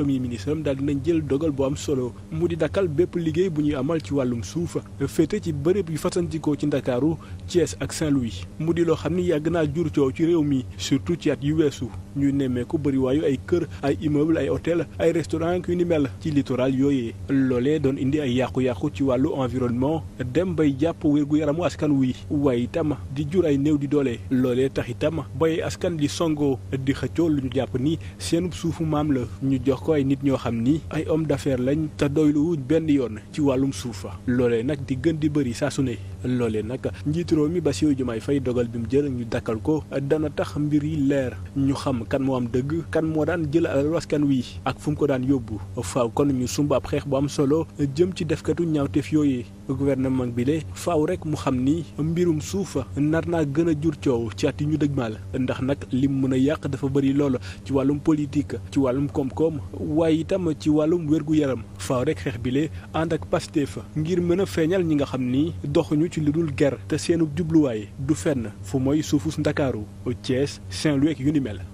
premier ministre am daal dinañ jël dogal bu am solo mu di dakkal bépp liggéey bu ñuy amal ci wàllum suuf féete ci bërëb yu fasantikoo ci Ndakaaru Thiès ak Saint-Louis mu di loo xam ni yàgg naa jur coow ci réew mi surtout ci at yu weesu ñu nemmeeku bëriwaayu ay kër ay immeuble ay hôtel ay restaurant yu ni mel ci littoral yooyee loolee doon indi ay yàqu-yàqu ci wàllu environnement dem bay jàpp wér yaramu askan wi waay itam di jur ay néew di doole loolee tax itam bay askan di songoo di xëccoo lu ñu jàpp ni seen suufu maam la ñu jox waaye nit ñoo xam ni ay hommes d'affaires lañ te doylu benn yoon ci wàllum suufa loolee nag di gën di bëri saa su ne loolee nag njiitu réew mi Bassirou Diomaye fay dogal bi mu jël ñu dakkal ko dana tax mbir yi leer ñu xam kan moo am dëgg kan moo daan jël alal askan wi ak fu mu ko daan yóbbu faaw kon ñu sumb ab xeex bu am solo jëm ci defkatu ñaawteef yooyu gouvernement bi le faaw rek mu xam ni mbirum suufa nar naa gën a jur coow ci at yi ñu dëgmaal ndax nag lim mën a yàq dafa bëri lool ci wàllum politique ci wàllum koom waaye itam ci wàllum wér-gu-yaram faaw rek xeex bile ànd ak fa ngir mën a feeñal ñi nga xam ni doxuñu ci lu dul ger te seenu jubluwaay du fenn fu mooy suufus Ndakaaru Thiès Saint-Louis ak yu ni mel